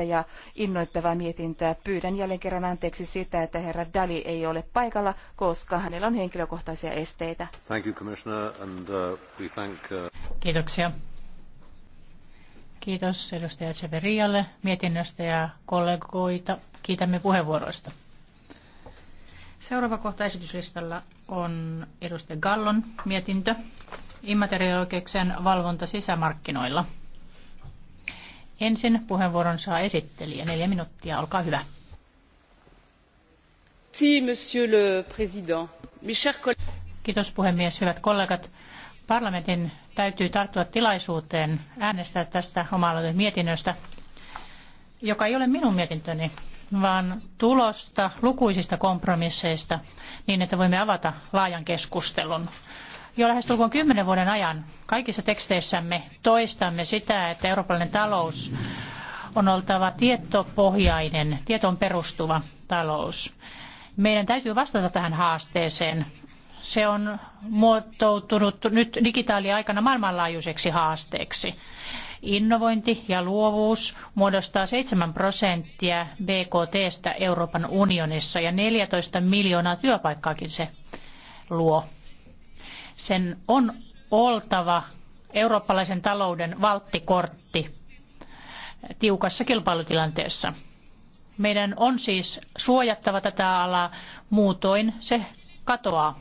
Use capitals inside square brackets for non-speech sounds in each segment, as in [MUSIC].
hyödyllistä ja innoittavaa mietintöä. Pyydän jälleen kerran anteeksi sitä, että herra Dali ei ole paikalla, koska hänellä on henkilökohtaisia esteitä. Thank you, Commissioner, and, uh, we thank, uh, Kiitoksia. Kiitos edustaja Severialle mietinnöstä ja kollegoita. Kiitämme puheenvuoroista. Seuraava kohta esityslistalla on edustaja Gallon mietintö immateriaalioikeuksien valvonta sisämarkkinoilla. Ensin puheenvuoron saa esittelijä. Neljä minuuttia, olkaa hyvä. Monsieur le Président. Kiitos puhemies, hyvät kollegat. Parlamentin täytyy tarttua tilaisuuteen äänestää tästä oma mietinnöstä, joka ei ole minun mietintöni, vaan tulosta lukuisista kompromisseista niin, että voimme avata laajan keskustelun jo lähestulkoon kymmenen vuoden ajan kaikissa teksteissämme toistamme sitä, että eurooppalainen talous on oltava tietopohjainen, tietoon perustuva talous. Meidän täytyy vastata tähän haasteeseen. Se on muotoutunut nyt digitaaliaikana maailmanlaajuiseksi haasteeksi. Innovointi ja luovuus muodostaa 7 prosenttia BKTstä Euroopan unionissa ja 14 miljoonaa työpaikkaakin se luo. Sen on oltava eurooppalaisen talouden valttikortti tiukassa kilpailutilanteessa. Meidän on siis suojattava tätä alaa, muutoin se katoaa.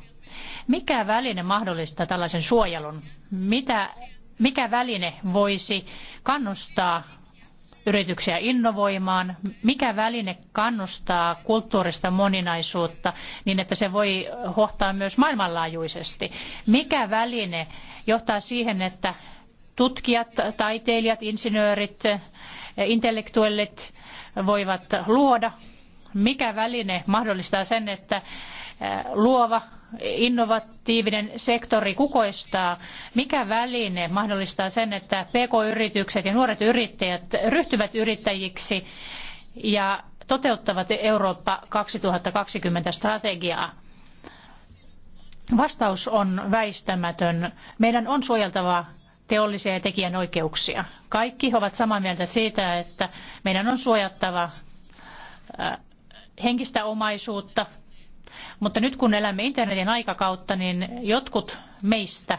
Mikä väline mahdollistaa tällaisen suojelun? Mitä, mikä väline voisi kannustaa yrityksiä innovoimaan? Mikä väline kannustaa kulttuurista moninaisuutta niin, että se voi hohtaa myös maailmanlaajuisesti? Mikä väline johtaa siihen, että tutkijat, taiteilijat, insinöörit, intellektuellit voivat luoda? Mikä väline mahdollistaa sen, että luova innovatiivinen sektori kukoistaa, mikä väline mahdollistaa sen, että pk-yritykset ja nuoret yrittäjät ryhtyvät yrittäjiksi ja toteuttavat Eurooppa 2020 strategiaa? Vastaus on väistämätön. Meidän on suojeltava teollisia ja tekijänoikeuksia. Kaikki ovat samaa mieltä siitä, että meidän on suojattava henkistä omaisuutta, mutta nyt kun elämme internetin aikakautta, niin jotkut meistä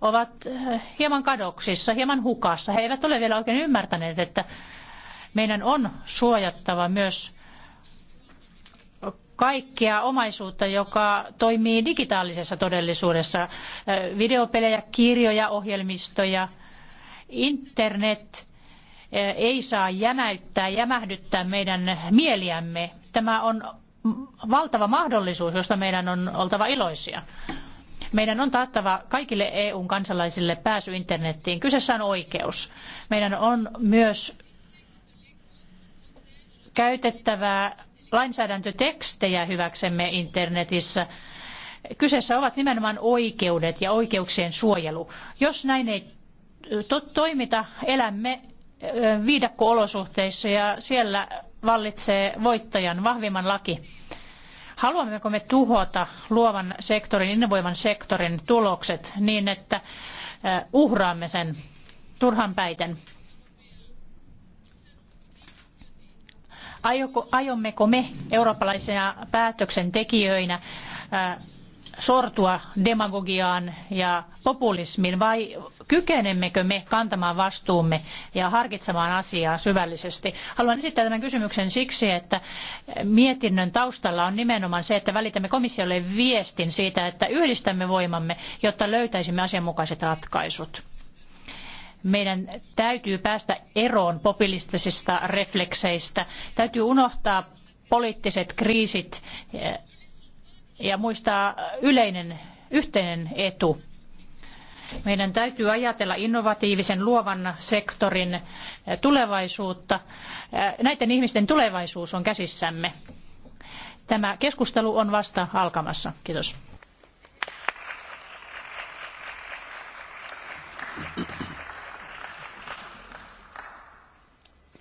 ovat eh, hieman kadoksissa, hieman hukassa. He eivät ole vielä oikein ymmärtäneet, että meidän on suojattava myös kaikkea omaisuutta, joka toimii digitaalisessa todellisuudessa. Eh, videopelejä, kirjoja, ohjelmistoja, internet eh, ei saa jänäyttää, jämähdyttää meidän mieliämme. Tämä on valtava mahdollisuus, josta meidän on oltava iloisia. Meidän on taattava kaikille EUn kansalaisille pääsy internettiin. Kyseessä on oikeus. Meidän on myös käytettävä lainsäädäntötekstejä hyväksemme internetissä. Kyseessä ovat nimenomaan oikeudet ja oikeuksien suojelu. Jos näin ei to- toimita, elämme viidakko-olosuhteissa ja siellä vallitsee voittajan, vahvimman laki. Haluammeko me tuhota luovan sektorin, innovoivan sektorin tulokset niin, että eh, uhraamme sen turhan päiten? Aiommeko me eurooppalaisina päätöksentekijöinä eh, sortua demagogiaan ja populismiin vai kykenemmekö me kantamaan vastuumme ja harkitsemaan asiaa syvällisesti? Haluan esittää tämän kysymyksen siksi, että mietinnön taustalla on nimenomaan se, että välitämme komissiolle viestin siitä, että yhdistämme voimamme, jotta löytäisimme asianmukaiset ratkaisut meidän täytyy päästä eroon populistisista reflekseistä. Täytyy unohtaa poliittiset kriisit ja muistaa yleinen yhteinen etu. Meidän täytyy ajatella innovatiivisen luovan sektorin eh, tulevaisuutta. Eh, näiden ihmisten tulevaisuus on käsissämme. Tämä keskustelu on vasta alkamassa. Kiitos.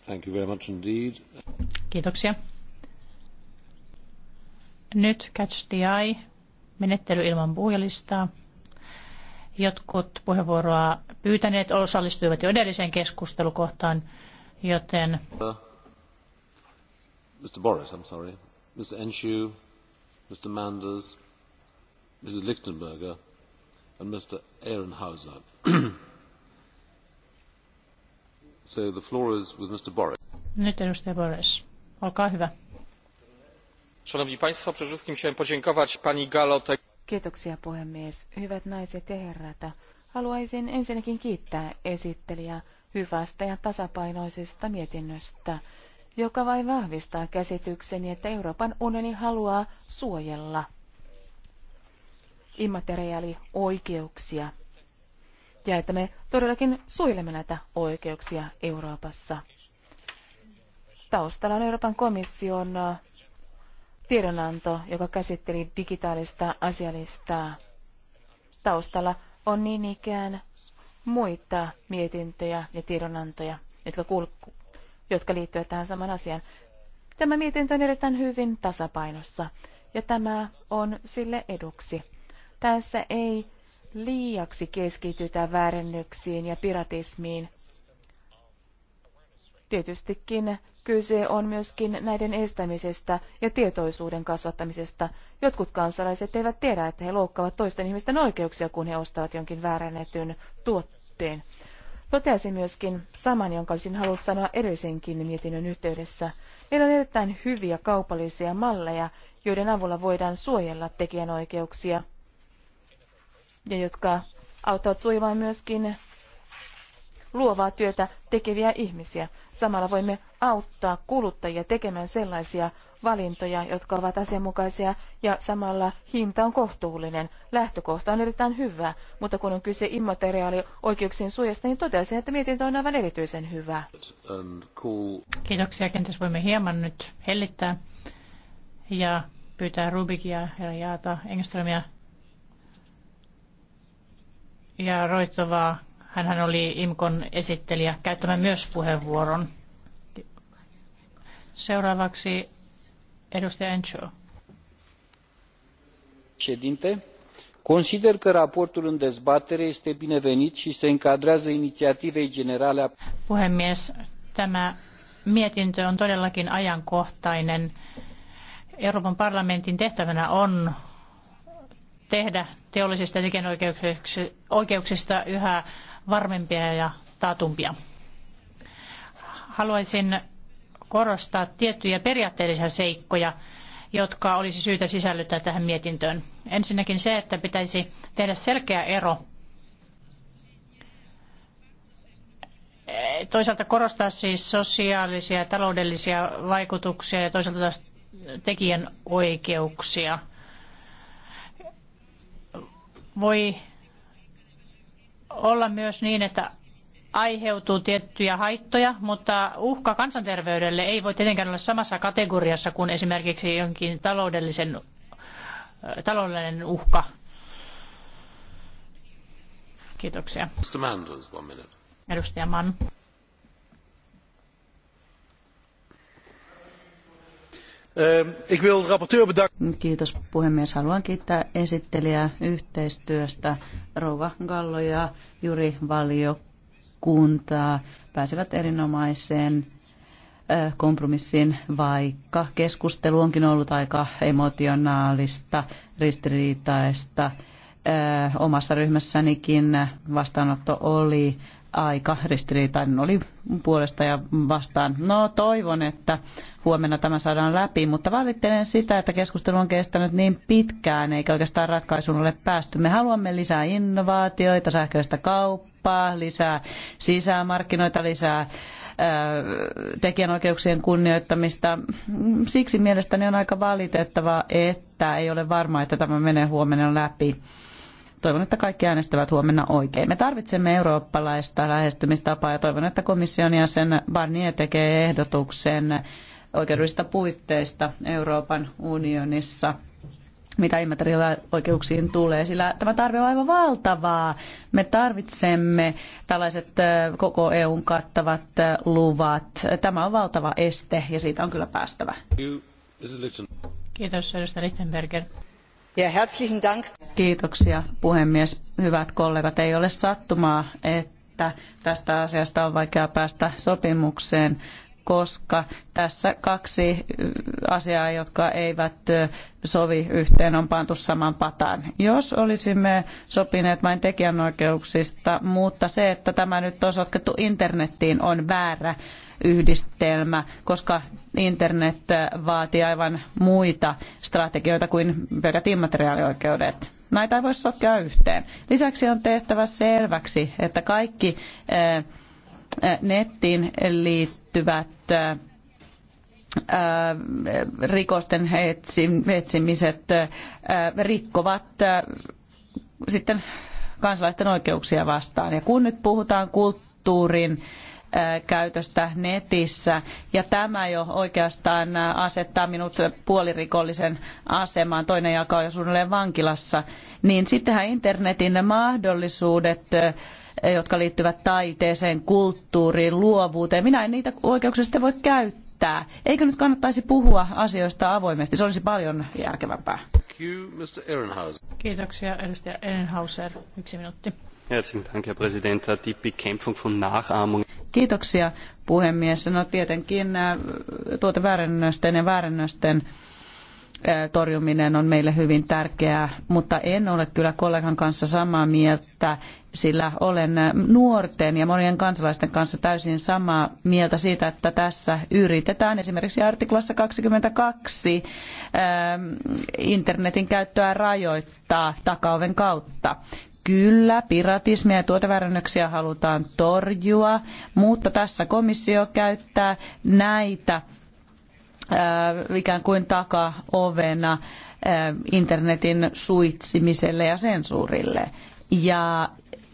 Thank you very much indeed. Kiitoksia. Nyt Catch the Eye, menettely ilman puhujalistaa. Jotkut puheenvuoroa pyytäneet osallistuivat jo edelliseen keskustelukohtaan, joten... Uh, Mr. Boris, I'm sorry. Mr. Enshu, Mr. Manders, Mrs. Lichtenberger and Mr. Ehrenhauser. [CLEARS THROAT] so the floor is with Mr. Boris. Nyt edustaja Boris. Olkaa hyvä. Przede wszystkim chciałem podziękować pani Galo. Kiitoksia puhemies. Hyvät naiset ja herrat. Haluaisin ensinnäkin kiittää esittelijää hyvästä ja tasapainoisesta mietinnöstä, joka vain vahvistaa käsitykseni, että Euroopan unioni haluaa suojella immateriaalioikeuksia ja että me todellakin suojelemme näitä oikeuksia Euroopassa. Taustalla on Euroopan komission tiedonanto, joka käsitteli digitaalista asialistaa. Taustalla on niin ikään muita mietintöjä ja tiedonantoja, jotka, kulku, jotka liittyvät tähän samaan asiaan. Tämä mietintö on erittäin hyvin tasapainossa ja tämä on sille eduksi. Tässä ei liiaksi keskitytä väärennyksiin ja piratismiin Tietystikin kyse on myöskin näiden estämisestä ja tietoisuuden kasvattamisesta. Jotkut kansalaiset eivät tiedä, että he loukkaavat toisten ihmisten oikeuksia, kun he ostavat jonkin väärännetyn tuotteen. Toteasin myöskin saman, jonka olisin halunnut sanoa edellisenkin mietinnön yhteydessä. Meillä on erittäin hyviä kaupallisia malleja, joiden avulla voidaan suojella tekijänoikeuksia ja jotka auttavat suojaamaan myöskin luovaa työtä tekeviä ihmisiä. Samalla voimme auttaa kuluttajia tekemään sellaisia valintoja, jotka ovat asianmukaisia ja samalla hinta on kohtuullinen. Lähtökohta on erittäin hyvä, mutta kun on kyse immateriaalioikeuksien suojasta, niin totesin, että mietintö on aivan erityisen hyvä. Kiitoksia. Kenties voimme hieman nyt hellittää ja pyytää Rubikia, ja Jaata, Engströmiä ja Roittovaa Hänhän oli IMKON esittelijä käyttämään myös puheenvuoron. Seuraavaksi edustaja Encho. Ședinte, consider că raportul în dezbatere este binevenit și se încadrează inițiativei generale a... Puhemies, tämä mietintö on todellakin ajankohtainen. Euroopan parlamentin tehtävänä on tehdä teollisista oikeuksista yhä varmempia ja taatumpia. Haluaisin korostaa tiettyjä periaatteellisia seikkoja, jotka olisi syytä sisällyttää tähän mietintöön. Ensinnäkin se, että pitäisi tehdä selkeä ero. Toisaalta korostaa siis sosiaalisia ja taloudellisia vaikutuksia ja toisaalta taas tekijän oikeuksia. Voi olla myös niin, että aiheutuu tiettyjä haittoja, mutta uhka kansanterveydelle ei voi tietenkään olla samassa kategoriassa kuin esimerkiksi jonkin taloudellisen, äh, taloudellinen uhka. Kiitoksia. Edustaja Mann. Ehm, Kiitos puhemies. Haluan kiittää esittelijää yhteistyöstä. Rouva Gallo ja Juri Valiokuntaa pääsevät erinomaiseen kompromissiin, vaikka keskustelu onkin ollut aika emotionaalista, ristiriitaista. Omassa ryhmässänikin vastaanotto oli aika ristiriitainen oli puolesta ja vastaan. No toivon, että huomenna tämä saadaan läpi, mutta valittelen sitä, että keskustelu on kestänyt niin pitkään, eikä oikeastaan ratkaisuun ole päästy. Me haluamme lisää innovaatioita, sähköistä kauppaa, lisää sisämarkkinoita, lisää tekijänoikeuksien kunnioittamista. Siksi mielestäni on aika valitettavaa, että ei ole varmaa, että tämä menee huomenna läpi. Toivon, että kaikki äänestävät huomenna oikein. Me tarvitsemme eurooppalaista lähestymistapaa ja toivon, että komission jäsen Barnier tekee ehdotuksen oikeudellisista puitteista Euroopan unionissa mitä immateriaalioikeuksiin tulee, sillä tämä tarve on aivan valtavaa. Me tarvitsemme tällaiset koko EUn kattavat luvat. Tämä on valtava este ja siitä on kyllä päästävä. Kiitos, edustaja Lichtenberger. Kiitoksia puhemies. Hyvät kollegat, ei ole sattumaa, että tästä asiasta on vaikea päästä sopimukseen koska tässä kaksi äh, asiaa, jotka eivät äh, sovi yhteen, on pantu saman pataan. Jos olisimme sopineet vain tekijänoikeuksista, mutta se, että tämä nyt on sotkettu internettiin, on väärä yhdistelmä, koska internet äh, vaatii aivan muita strategioita kuin pelkät immateriaalioikeudet. Näitä ei voi sotkea yhteen. Lisäksi on tehtävä selväksi, että kaikki nettiin liittyvät liittyvät äh, rikosten etsimiset äh, rikkovat äh, sitten kansalaisten oikeuksia vastaan. Ja kun nyt puhutaan kulttuurin käytöstä netissä. Ja tämä jo oikeastaan asettaa minut puolirikollisen asemaan, toinen jalka on jo suunnilleen vankilassa. Niin sittenhän internetin mahdollisuudet jotka liittyvät taiteeseen, kulttuuriin, luovuuteen. Minä en niitä oikeuksia sitten voi käyttää. Eikö nyt kannattaisi puhua asioista avoimesti? Se olisi paljon järkevämpää. Kiitoksia, edustaja Ehrenhauser. Yksi minuutti. Kiitoksia, puhemies. No tietenkin äh, tuoteväärennösten ja väärennösten torjuminen on meille hyvin tärkeää, mutta en ole kyllä kollegan kanssa samaa mieltä, sillä olen nuorten ja monien kansalaisten kanssa täysin samaa mieltä siitä, että tässä yritetään esimerkiksi artiklassa 22 ähm, internetin käyttöä rajoittaa takaoven kautta. Kyllä, piratismia ja tuoteväärennöksiä halutaan torjua, mutta tässä komissio käyttää näitä ikään kuin takaovena internetin suitsimiselle ja sensuurille. Ja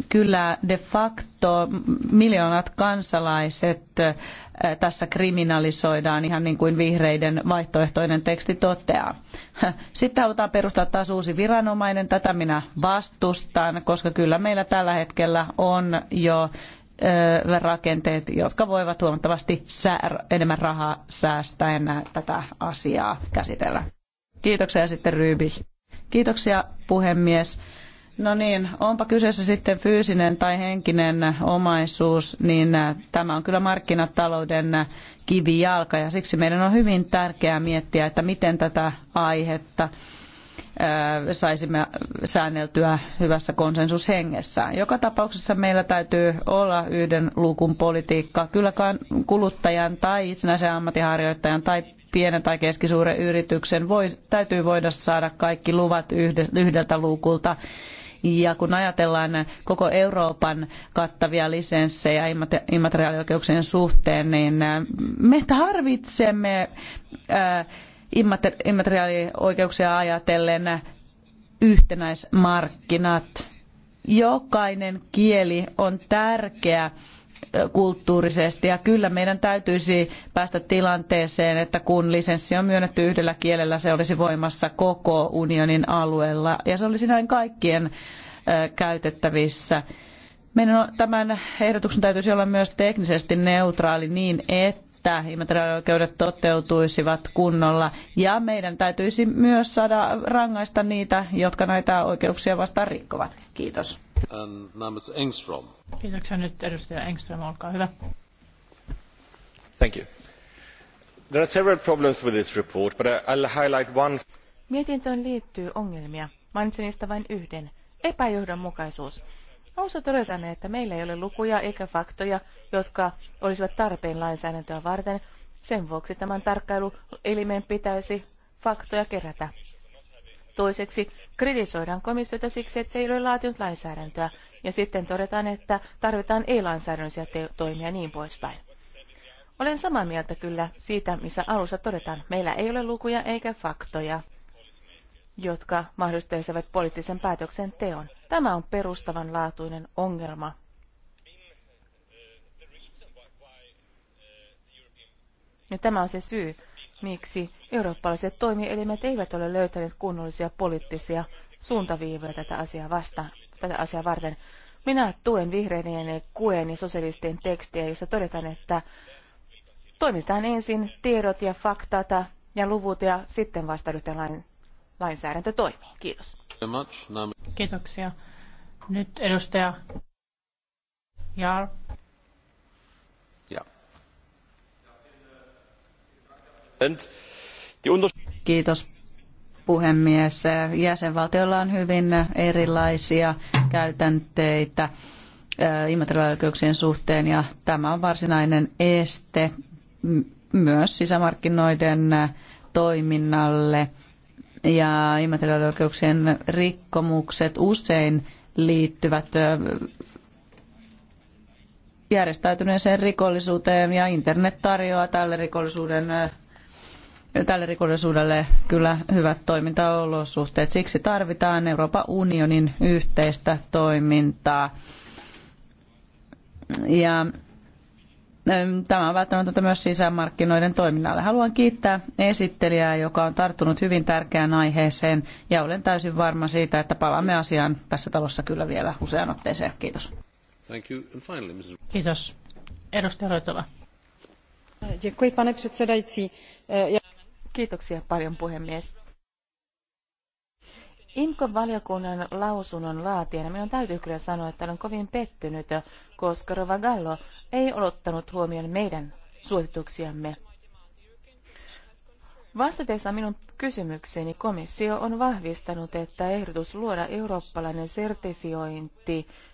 kyllä de facto miljoonat kansalaiset tässä kriminalisoidaan ihan niin kuin vihreiden vaihtoehtoinen teksti toteaa. Sitten halutaan perustaa taas uusi viranomainen, tätä minä vastustan, koska kyllä meillä tällä hetkellä on jo rakenteet, jotka voivat huomattavasti enemmän rahaa säästäen tätä asiaa käsitellä. Kiitoksia sitten Ryby. Kiitoksia puhemies. No niin, onpa kyseessä sitten fyysinen tai henkinen omaisuus, niin tämä on kyllä markkinatalouden kivijalka ja siksi meidän on hyvin tärkeää miettiä, että miten tätä aihetta saisimme säänneltyä hyvässä konsensushengessä. Joka tapauksessa meillä täytyy olla yhden luukun politiikka. Kyllä kuluttajan tai itsenäisen ammattiharjoittajan tai pienen tai keskisuuren yrityksen voi, täytyy voida saada kaikki luvat yhdeltä luukulta. Ja kun ajatellaan koko Euroopan kattavia lisenssejä immateriaalioikeuksien suhteen, niin me tarvitsemme immateriaalioikeuksia ajatellen yhtenäismarkkinat. Jokainen kieli on tärkeä kulttuurisesti ja kyllä meidän täytyisi päästä tilanteeseen, että kun lisenssi on myönnetty yhdellä kielellä, se olisi voimassa koko unionin alueella ja se olisi näin kaikkien käytettävissä. Meidän on, tämän ehdotuksen täytyisi olla myös teknisesti neutraali niin, että että immateriaalioikeudet toteutuisivat kunnolla. Ja meidän täytyisi myös saada rangaista niitä, jotka näitä oikeuksia vastaan rikkovat. Kiitos. Engström. Kiitoksia nyt edustaja Engström, olkaa hyvä. Thank you. There are several problems with this report, but I'll highlight one. Mietintöön liittyy ongelmia. Mainitsen niistä vain yhden. Epäjohdonmukaisuus. Osa todetaan, että meillä ei ole lukuja eikä faktoja, jotka olisivat tarpeen lainsäädäntöä varten. Sen vuoksi tämän tarkkailuelimen pitäisi faktoja kerätä. Toiseksi kritisoidaan komissiota siksi, että se ei ole laatinut lainsäädäntöä, ja sitten todetaan, että tarvitaan ei-lainsäädännöllisiä toimia ja niin poispäin. Olen samaa mieltä kyllä siitä, missä alussa todetaan, meillä ei ole lukuja eikä faktoja jotka mahdollistaisivat poliittisen teon. Tämä on perustavanlaatuinen ongelma. Ja tämä on se syy, miksi eurooppalaiset toimielimet eivät ole löytäneet kunnollisia poliittisia suuntaviivoja tätä asiaa vastaan, tätä asiaa varten. Minä tuen vihreiden, kuen ja sosialistien tekstiä, jossa todetaan, että toimitaan ensin tiedot ja faktata ja luvut ja sitten vasta ryhdytään lainsäädäntö toimii. Kiitos. Kiitoksia. Nyt edustaja Jaar. Ja. Kiitos puhemies. Jäsenvaltioilla on hyvin erilaisia käytänteitä eh, immateriaalioikeuksien suhteen ja tämä on varsinainen este myös sisämarkkinoiden eh, toiminnalle – ja immateriaalioikeuksien rikkomukset usein liittyvät järjestäytyneeseen rikollisuuteen ja internet tarjoaa tälle, rikollisuuden, tälle rikollisuudelle kyllä hyvät toimintaolosuhteet. Siksi tarvitaan Euroopan unionin yhteistä toimintaa. Ja Tämä on välttämätöntä myös sisämarkkinoiden toiminnalle. Haluan kiittää esittelijää, joka on tarttunut hyvin tärkeään aiheeseen ja olen täysin varma siitä, että palaamme asiaan tässä talossa kyllä vielä useaan otteeseen. Kiitos. Thank you. And finally, Mrs. Kiitos. Edustaja Roitova. Kiitoksia paljon puhemies. IMCO-valiokunnan lausunnon laatijana minun täytyy kyllä sanoa, että olen kovin pettynyt, koska Rovagallo ei ottanut huomioon meidän suosituksiamme. Vastatessaan minun kysymykseeni komissio on vahvistanut, että ehdotus luoda eurooppalainen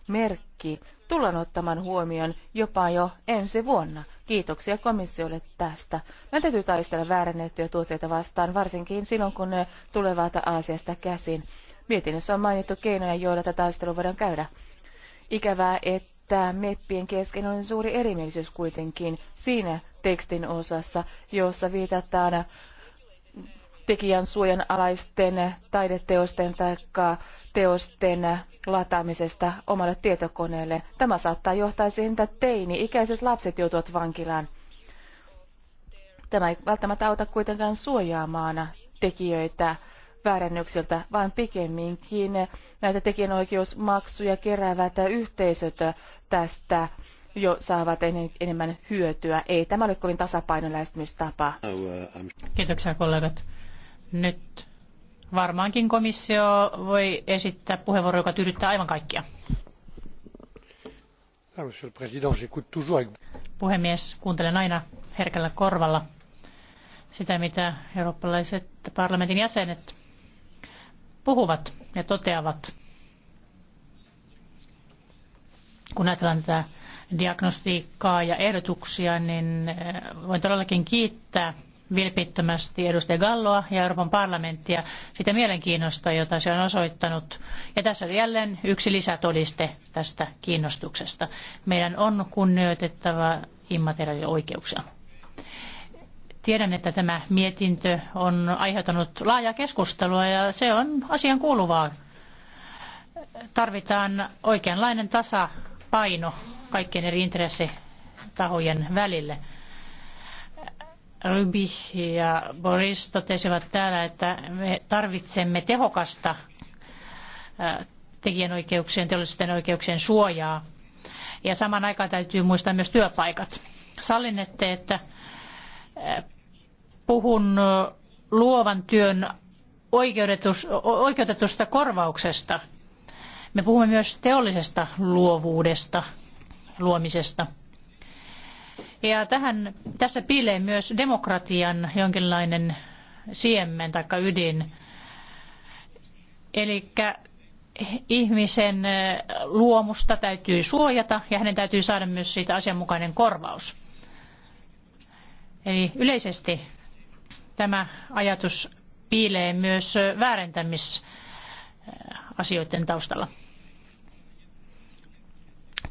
merkki tullaan ottamaan huomioon jopa jo ensi vuonna. Kiitoksia komissiolle tästä. Meidän täytyy taistella väärännettyjä tuotteita vastaan, varsinkin silloin kun ne tulevat Aasiasta käsin. Mietinnössä on mainittu keinoja, joilla tätä taistelua voidaan käydä. Ikävää, että meppien kesken on suuri erimielisyys kuitenkin siinä tekstin osassa, jossa viitataan tekijän suojan alaisten taideteosten tai teosten lataamisesta omalle tietokoneelle. Tämä saattaa johtaa siihen, että teini-ikäiset lapset joutuvat vankilaan. Tämä ei välttämättä auta kuitenkaan suojaamaan tekijöitä väärännyksiltä, vaan pikemminkin näitä tekijänoikeusmaksuja keräävät yhteisöt tästä jo saavat enemmän hyötyä. Ei tämä ole kovin tasapainoinen lähestymistapa. Kiitoksia kollegat. Nyt varmaankin komissio voi esittää puheenvuoron, joka tyydyttää aivan kaikkia. Ah, Puhemies, kuuntelen aina herkällä korvalla sitä, mitä eurooppalaiset parlamentin jäsenet puhuvat ja toteavat. Kun ajatellaan tätä diagnostiikkaa ja ehdotuksia, niin eh, voin todellakin kiittää vilpittömästi edustaja Galloa ja Euroopan parlamenttia sitä mielenkiinnosta, jota se on osoittanut. Ja tässä oli jälleen yksi lisätodiste tästä kiinnostuksesta. Meidän on kunnioitettava immateriaalioikeuksia. Tiedän, että tämä mietintö on aiheuttanut laajaa keskustelua ja se on asian kuuluvaa. Tarvitaan oikeanlainen tasapaino kaikkien eri intressitahojen välille – Ryby ja Boris totesivat täällä, että me tarvitsemme tehokasta tekijänoikeuksien, teollisten oikeuksien suojaa. Ja samaan aikaan täytyy muistaa myös työpaikat. Sallinette, että puhun luovan työn oikeutetusta korvauksesta. Me puhumme myös teollisesta luovuudesta, luomisesta – ja tähän, tässä piilee myös demokratian jonkinlainen siemen tai ydin. Eli ihmisen luomusta täytyy suojata ja hänen täytyy saada myös siitä asianmukainen korvaus. Eli yleisesti tämä ajatus piilee myös väärentämisasioiden taustalla.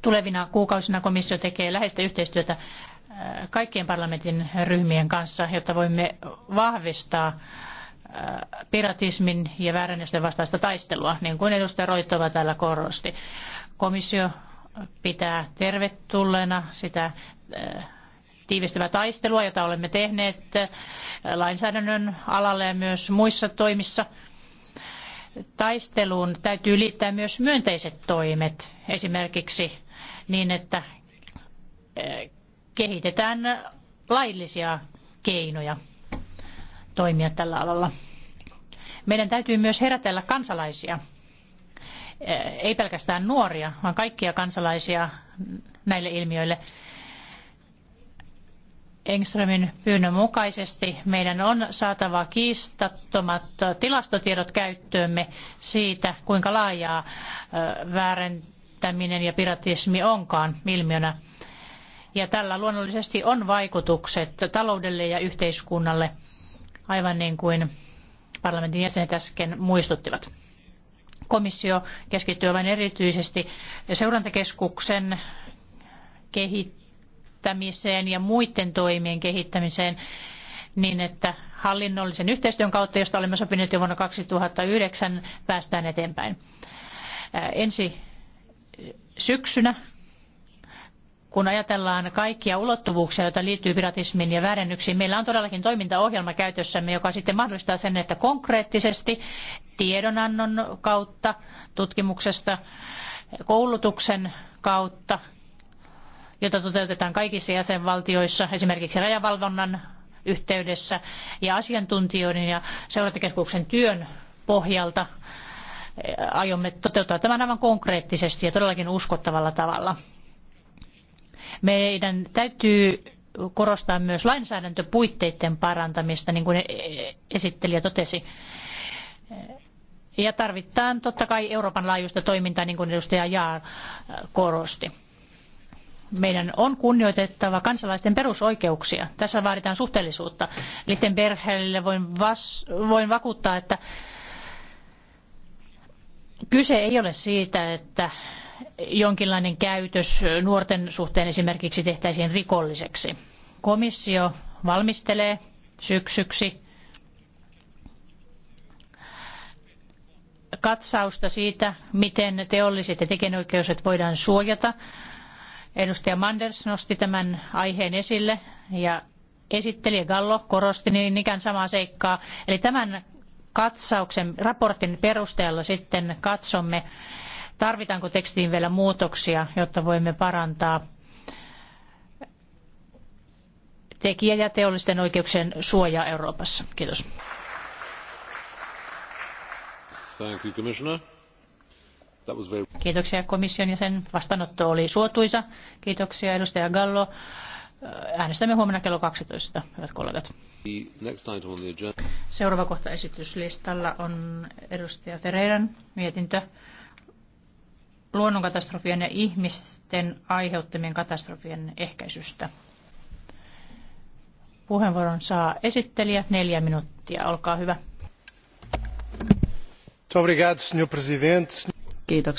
Tulevina kuukausina komissio tekee läheistä yhteistyötä äh, kaikkien parlamentin ryhmien kanssa, jotta voimme vahvistaa äh, piratismin ja väärännösten vastaista taistelua, niin kuin edustaja Roittova täällä korosti. Komissio pitää tervetulleena sitä äh, tiivistyvää taistelua, jota olemme tehneet lainsäädännön alalla ja myös muissa toimissa. Taisteluun täytyy liittää myös myönteiset toimet, esimerkiksi niin että eh, kehitetään laillisia keinoja toimia tällä alalla. Meidän täytyy myös herätellä kansalaisia, eh, ei pelkästään nuoria, vaan kaikkia kansalaisia näille ilmiöille. Engströmin pyynnön mukaisesti meidän on saatava kiistattomat tilastotiedot käyttöömme siitä, kuinka laajaa eh, väärentämistä levittäminen ja piratismi onkaan ilmiönä. Ja tällä luonnollisesti on vaikutukset taloudelle ja yhteiskunnalle, aivan niin kuin parlamentin jäsenet äsken muistuttivat. Komissio keskittyy vain erityisesti seurantakeskuksen kehittämiseen ja muiden toimien kehittämiseen niin, että hallinnollisen yhteistyön kautta, josta olemme sopineet jo vuonna 2009, päästään eteenpäin. Ensi syksynä, kun ajatellaan kaikkia ulottuvuuksia, joita liittyy piratismiin ja väärennyksiin, meillä on todellakin toimintaohjelma käytössämme, joka sitten mahdollistaa sen, että konkreettisesti tiedonannon kautta, tutkimuksesta, koulutuksen kautta, jota toteutetaan kaikissa jäsenvaltioissa, esimerkiksi rajavalvonnan yhteydessä ja asiantuntijoiden ja seurantakeskuksen työn pohjalta aiomme toteuttaa tämän aivan konkreettisesti ja todellakin uskottavalla tavalla. Meidän täytyy korostaa myös lainsäädäntöpuitteiden parantamista, niin kuin esittelijä totesi. Ja tarvitaan totta kai Euroopan laajuista toimintaa, niin kuin edustaja Jaar korosti. Meidän on kunnioitettava kansalaisten perusoikeuksia. Tässä vaaditaan suhteellisuutta. Lichtenbergerille voin, voin vakuuttaa, että Kyse ei ole siitä, että jonkinlainen käytös nuorten suhteen esimerkiksi tehtäisiin rikolliseksi. Komissio valmistelee syksyksi katsausta siitä, miten teolliset ja tekijänoikeudet voidaan suojata. Edustaja Manders nosti tämän aiheen esille ja esittelijä Gallo korosti niin ikään samaa seikkaa. Eli tämän katsauksen, raportin perusteella sitten katsomme, tarvitaanko tekstiin vielä muutoksia, jotta voimme parantaa tekijä- ja teollisten oikeuksien suojaa Euroopassa. Kiitos. Kiitoksia komission ja sen vastaanotto oli suotuisa. Kiitoksia edustaja Gallo. Äänestämme huomenna kello 12, hyvät kollegat. Seuraava kohta esityslistalla on edustaja Ferreiran mietintö luonnonkatastrofien ja ihmisten aiheuttamien katastrofien ehkäisystä. Puheenvuoron saa esittelijä, neljä minuuttia, olkaa hyvä. Kiitoksia